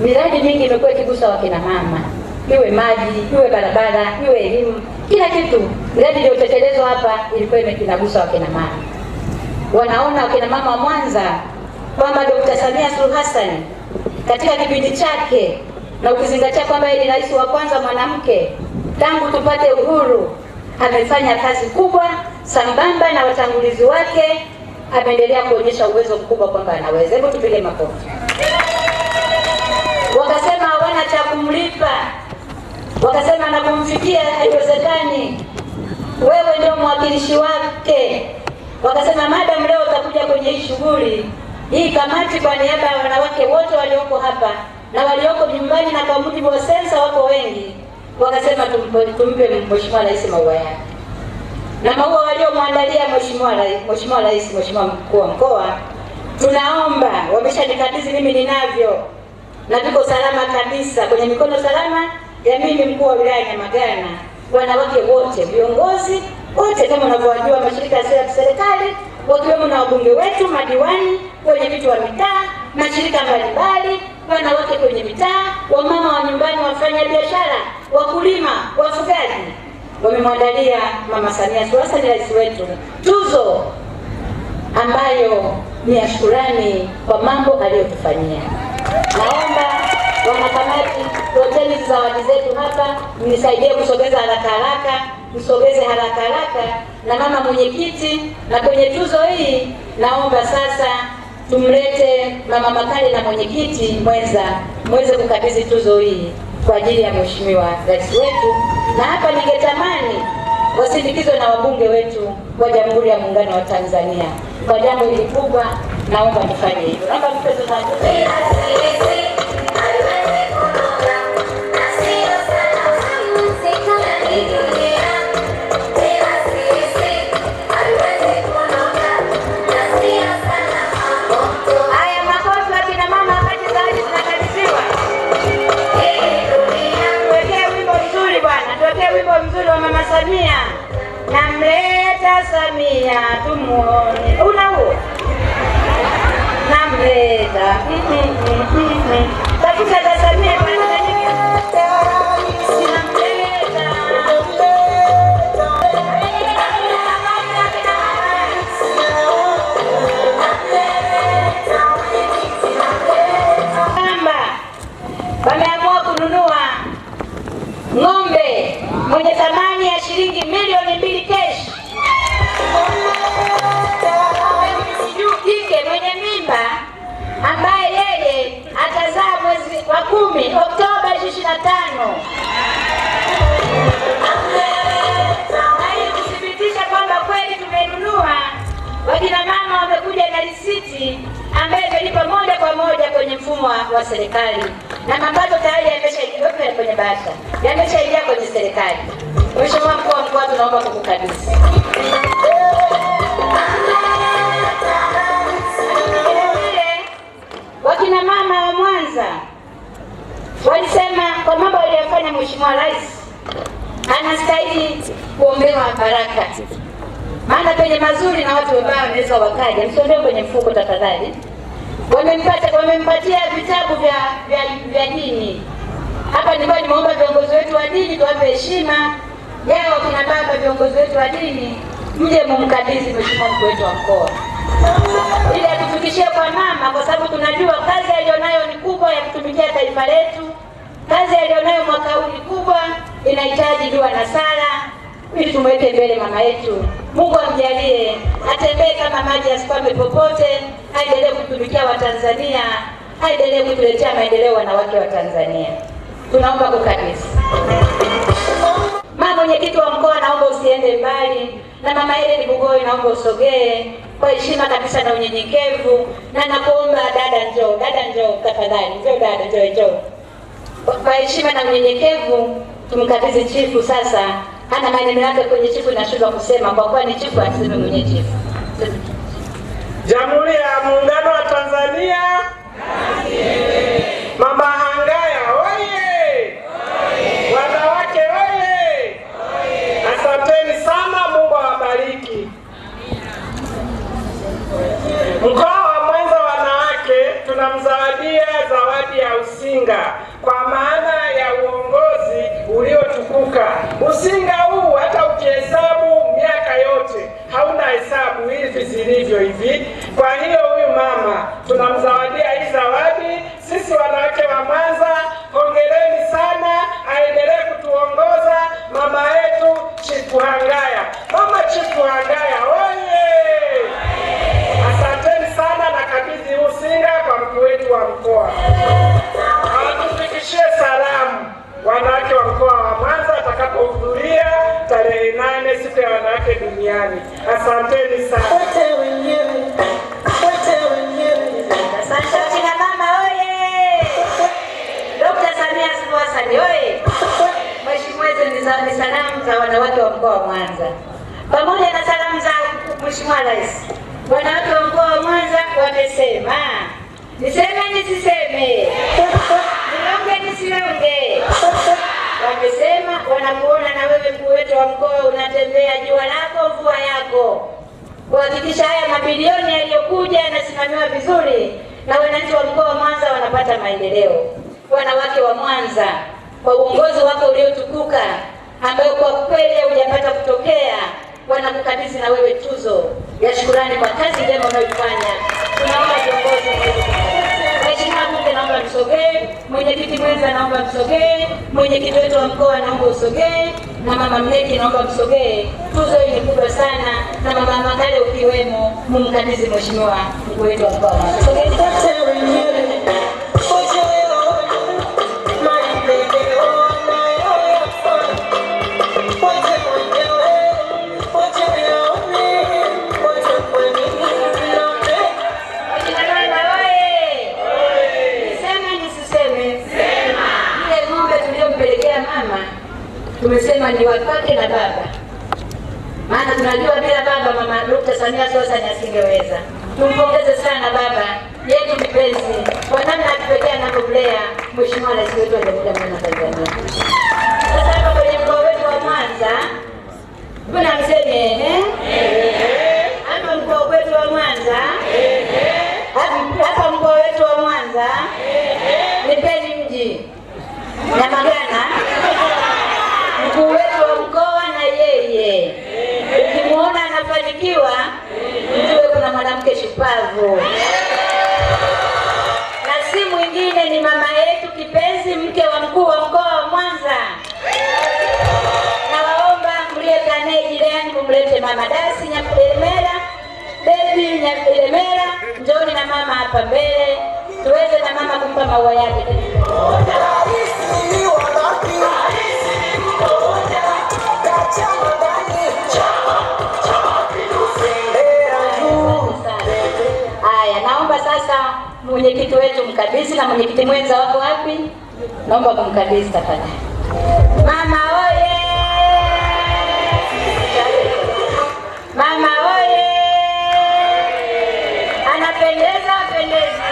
miradi mingi imekuwa ikigusa wakina mama, iwe maji, iwe barabara, iwe elimu, kila kitu. Miradi iliyotekelezwa hapa ilikuwa inagusa wakina mama. Wanaona wakina mama wa Mwanza kwamba Dr. Samia Suluhu Hassan katika kipindi chake, na ukizingatia kwamba yeye ni rais wa kwanza mwanamke tangu tupate uhuru, amefanya kazi kubwa sambamba na watangulizi wake, ameendelea kuonyesha uwezo mkubwa kwamba anaweza. Hebu tupige makofi. kumlipa, wakasema na kumfikia, haiwezekani, wewe ndio mwakilishi wake. Wakasema madam, leo utakuja kwenye hii shughuli hii kamati kwa niaba ya wanawake wote walioko hapa na walioko nyumbani, na kwa mujibu wa sensa wako wengi. Wakasema tumpe mheshimiwa rais maua yake, na maua waliomwandalia mheshimiwa rais, mheshimiwa rais, mheshimiwa mkuu wa mkoa, tunaomba wameshanikabidhi mimi ninavyo na tuko salama kabisa kwenye mikono salama ya mimi mkuu wa wilaya Nyamagana, wanawake wote, viongozi wote kama unavyowajua mashirika yasiyo ya kiserikali wakiwemo na wabunge wetu, madiwani, kwenye vitu wa mitaa, mashirika mbalimbali, wanawake kwenye mitaa, wamama wa nyumbani, wafanya biashara, wakulima, wafugaji, wamemwandalia Mama Samia Suluhu Hassan, rais wetu, tuzo ambayo ni ya shukurani kwa mambo aliyotufanyia. Naomba wanakamati loteni zawadi zetu hapa, nisaidie kusogeza haraka haraka, msogeze haraka haraka. Na mama mwenyekiti, na kwenye tuzo hii naomba sasa tumlete mama Makale na mwenyekiti mweza mweze kukabidhi tuzo hii kwa ajili ya mheshimiwa rais wetu, na hapa ningetamani wasindikizwe na wabunge wetu wa Jamhuri ya Muungano wa Tanzania kwa jambo hili kubwa naomba nifanye hivyo. Naomba nipende zangu. kumi Oktoba 25 kuthibitisha kwamba kweli tumenunua. Wakina mama wamekuja na risiti ambayo imelipa moja kwa moja kwenye mfumo wa serikali, na mapato tayari yameshaingia kwenye bahasha, yameshaingia kwenye serikali. Mheshimiwa mkuu wa mkoa, tunaomba kukukabidhi Mheshimiwa Rais anastahili kuombewa baraka, maana penye mazuri na watu wabaya wanaweza wakaja. Msiondoe kwenye mfuko tafadhali. Wamempata, wamempatia vitabu vya vya, vya dini. Hapa nilikuwa nimeomba viongozi wetu wa dini tuwape heshima yao, kina baba viongozi wetu wa dini, mje mumkabidhi mheshimiwa mkuu wetu wa mkoa ili atufikishie kwa mama, kwa sababu tunajua kazi aliyonayo ni kubwa ya kutumikia taifa letu. Kazi aliyonayo mwaka huu ni kubwa, inahitaji dua na sala ili tumweke mbele mama yetu. Mungu amjalie atembee kama maji, asikwame popote, aendelee kutumikia Watanzania, aendelee kutuletea maendeleo wanawake wa Tanzania. Tunaomba kwa kanisa. Mama mwenyekiti wa mkoa, naomba usiende mbali na mama Helen Bugoi, naomba usogee kwa heshima kabisa na unyenyekevu, na nakuomba dada, njoo dada, njoo tafadhali, njoo dada, njoo njoo kwa heshima na unyenyekevu tumkabidhi chifu sasa. Hata maneno yake kwenye chifu inashindwa kusema kwa kuwa ni chifu, aseme mwenye chifu. Jamhuri ya Muungano wa Tanzania. hivi zilivyo hivi. Kwa hiyo huyu mama tunamzawadia hii zawadi. Sisi wanawake wa Mwanza, hongereni sana, aendelee kutuongoza mama yetu Chikuhangaya, mama Chikuhangaya oye! Asanteni sana, na kabidhi usinga kwa mkuu wetu wa mkoa awatufikishie salamu wanawake wa mkoa wa Mwanza atakapohudhuria tarehe nane siku ya wanawake duniani. Asanteni sana. salamu za wanawake wa mkoa wa Mwanza pamoja na salamu za Mheshimiwa Rais. Wanawake wa mkoa wa Mwanza wamesema, niseme nisiseme, nilonge nisilonge, wamesema wanakuona na wewe mkuu wetu wa mkoa unatembea jua lako mvua yako, kuhakikisha haya mabilioni yaliyokuja yanasimamiwa vizuri na wananchi wa mkoa wa Mwanza wanapata maendeleo. Wanawake wa Mwanza, kwa uongozi wako uliotukuka ambayo kwa kweli hujapata kutokea, wanakukabidhi na wewe tuzo ya shukurani kwa kazi njema unayofanya. Tunaomba viongozi, Mheshimiwa Bunge naomba msogee, mwenyekiti mwenza naomba msogee, mwenyekiti wetu wa mkoa naomba usogee, na mama Mleki naomba msogee. Tuzo hii ni kubwa sana, na mama magale ukiwemo, mumkabidhi Mheshimiwa mkuu wetu wa mkoa. ni niwapate na baba, maana tunajua bila baba mama Dkt. Samia Suluhu Hassan asingeweza. Tumpongeze sana baba yetu mpenzi kwa namna ya kipekee anavyomlea Mheshimiwa Rais wetu wa Jamhuri ya Muungano wa Tanzania. shupavu na si mwingine ni mama yetu kipenzi, mke wa mkuu wa mkoa wa Mwanza. Nawaomba mlie naye jirani, kumlete mama Dasi Nyakulemela, Bebi Nyakulemela, njoni na mama hapa mbele tuweze na mama kumpa maua yake. naomba sasa mwenyekiti wetu mkabidhi, na mwenyekiti mwenza wako wapi? Naomba kumkabidhi tafadhali. Mama oye! Mama oye! Anapendeza, pendeza,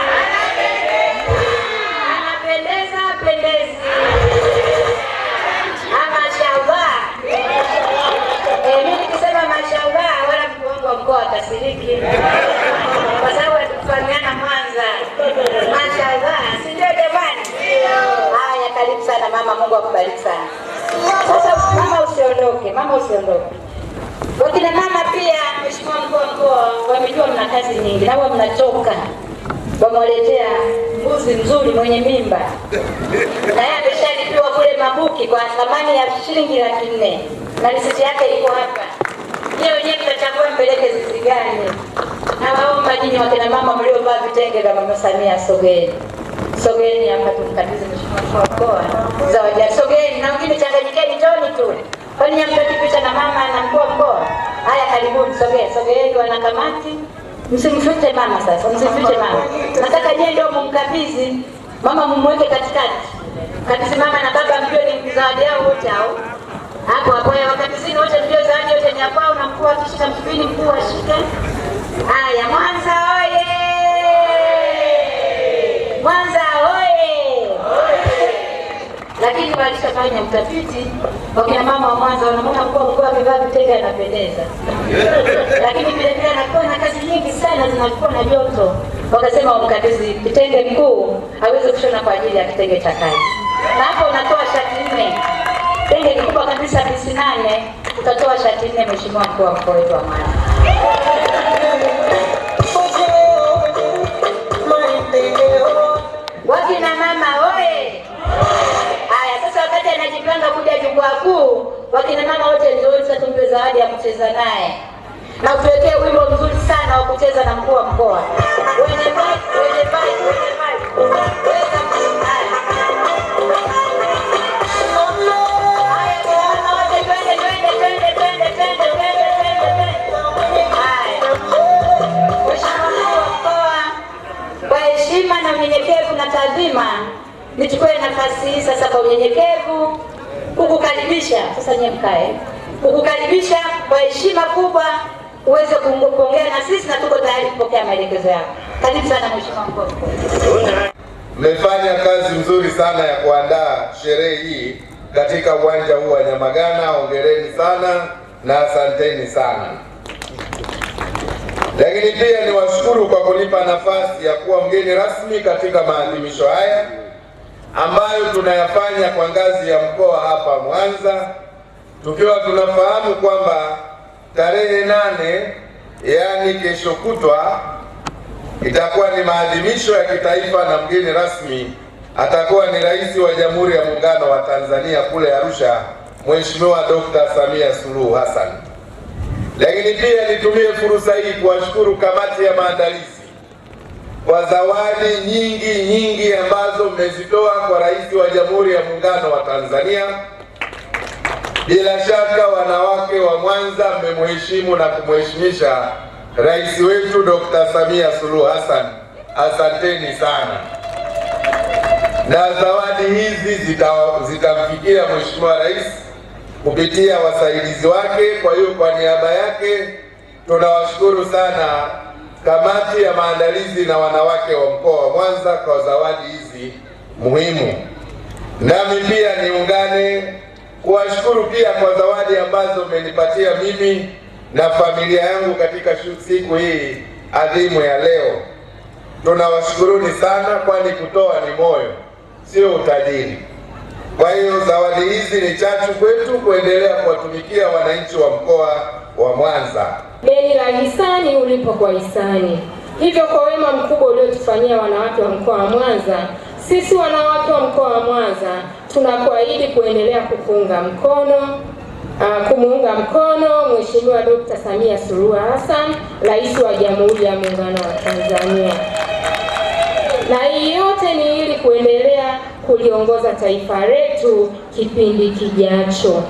anapendeza, pendeza, amashaua eh, mimi nikisema mashaua wala mkuu wangu wa mkoa wakasiriki. sana mama, Mungu akubariki sana. Sasa mama, usiondoke mama, usiondoke. Wakina mama pia, mheshimiwa mkuu wa mkoa, wamejua mna kazi nyingi, nao mnachoka, wamewaletea mbuzi mzuri mwenye mimba, na yeye ameshalipiwa kule Mabuki kwa thamani ya shilingi laki nne na risiti yake iko hapa. Yeye wenyewe mtachagua mpeleke zizi gani. Na wao majini, wakina mama mliovaa vitenge vya mama Samia, sogeni. Sogeni hapa tumkabidhi Mheshimiwa mkuu wa mkoa zawadi. Sogeni na wengine changanyikeni, toni tu, Kwa kwani hamtaki picha na mama na mkuu wa mkoa? Haya, karibuni, sogeni, sogeni wanakamati, msimfiche mama. Sasa msimfiche mama, nataka nyie ndio mumkabidhi mama, mumweke katikati kabisa. Mama na baba mjue ni zawadi yao wote hao hapo hapo, wakabizini wote ndio zawadi yote ni kwao, na mkuu akishika mshikini, mkuu ashike. Haya, Mwanza oye! Mwanza lakini walishafanya utafiti, wakina mama wa Mwanza wanamwona mkuu wa mkoa akivaa vitenge anapendeza, lakini vile vile anakuwa na kazi nyingi sana zinakuwa na joto, wakasema wamkatizi kitenge mkuu aweze kushona kwa ajili ya kitenge cha kazi, na hapo unatoa shati nne tenge kikubwa kabisa pisi nane, utatoa shati nne, Mheshimiwa mkuu wa mkoa wetu wa Mwanza. Yanga kuja jukwaa kuu, wakina mama wote Nzolisa tumpe zawadi ya kucheza naye na tuwekee wimbo mzuri sana wa kucheza na mkuu wa mkoa wenye maji heshima na unyenyekevu na taadhima, nichukue nafasi hii sasa kwa unyenyekevu kukukaribisha sasa, nyie mkae, kukukaribisha kwa heshima kubwa uweze kuongea na sisi na tuko tayari kupokea maelekezo yako. Karibu sana mheshimiwa mkuu. Mmefanya kazi nzuri sana ya kuandaa sherehe hii katika uwanja huu wa Nyamagana. Hongereni sana na asanteni sana. Lakini pia niwashukuru kwa kunipa nafasi ya kuwa mgeni rasmi katika maadhimisho haya ambayo tunayafanya kwa ngazi ya mkoa hapa Mwanza, tukiwa tunafahamu kwamba tarehe nane, yaani kesho kutwa, itakuwa ni maadhimisho ya kitaifa na mgeni rasmi atakuwa ni Rais wa Jamhuri ya Muungano wa Tanzania kule Arusha, Mheshimiwa Dr. Samia Suluhu Hassan. Lakini pia nitumie fursa hii kuwashukuru kamati ya maandalizi kwa zawadi nyingi nyingi ambazo mmezitoa kwa Rais wa Jamhuri ya Muungano wa Tanzania. Bila shaka wanawake wa Mwanza mmemheshimu na kumheshimisha rais wetu Dr. Samia Suluhu Hassan, asanteni sana. Na zawadi hizi zitamfikia zita Mheshimiwa Rais kupitia wasaidizi wake. Kwa hiyo kwa niaba yake tunawashukuru sana kamati ya maandalizi na wanawake wa mkoa wa Mwanza kwa zawadi hizi muhimu. Nami pia niungane kuwashukuru pia kwa zawadi ambazo mmenipatia mimi na familia yangu katika siku hii adhimu ya leo. Tunawashukuruni sana, kwani kutoa ni moyo, sio utajiri. Kwa hiyo zawadi hizi ni chachu kwetu kuendelea kuwatumikia wananchi wa mkoa wa Mwanza. Deni la hisani ulipo kwa hisani. Hivyo kwa wema mkubwa uliotufanyia wanawake wa mkoa wa Mwanza, sisi wanawake wa mkoa wa Mwanza tunakuahidi kuendelea kukuunga mkono Uh, kumuunga mkono Mheshimiwa Dr. Samia Suluhu Hassan, Rais wa Jamhuri ya Muungano wa Tanzania. Na hii yote ni ili kuendelea kuliongoza taifa letu kipindi kijacho.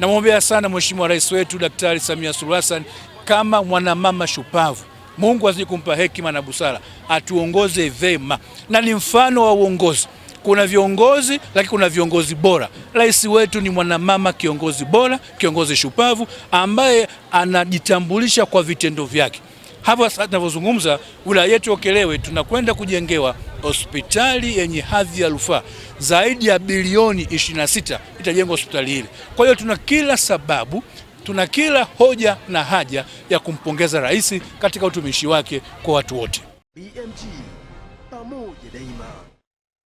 Namwombea sana Mheshimiwa Rais wetu Daktari Samia Suluhu Hassan kama mwanamama shupavu. Mungu azidi kumpa hekima na busara, atuongoze vema, na ni mfano wa uongozi. Kuna viongozi lakini kuna viongozi bora. Rais wetu ni mwanamama kiongozi bora, kiongozi shupavu ambaye anajitambulisha kwa vitendo vyake hapa sasa tunavyozungumza, wilaya yetu ya Ukerewe tunakwenda kujengewa hospitali yenye hadhi ya rufaa zaidi ya bilioni 26 itajengwa hospitali hili. Kwa hiyo tuna kila sababu, tuna kila hoja na haja ya kumpongeza rais katika utumishi wake kwa watu wote. BMG pamoja daima.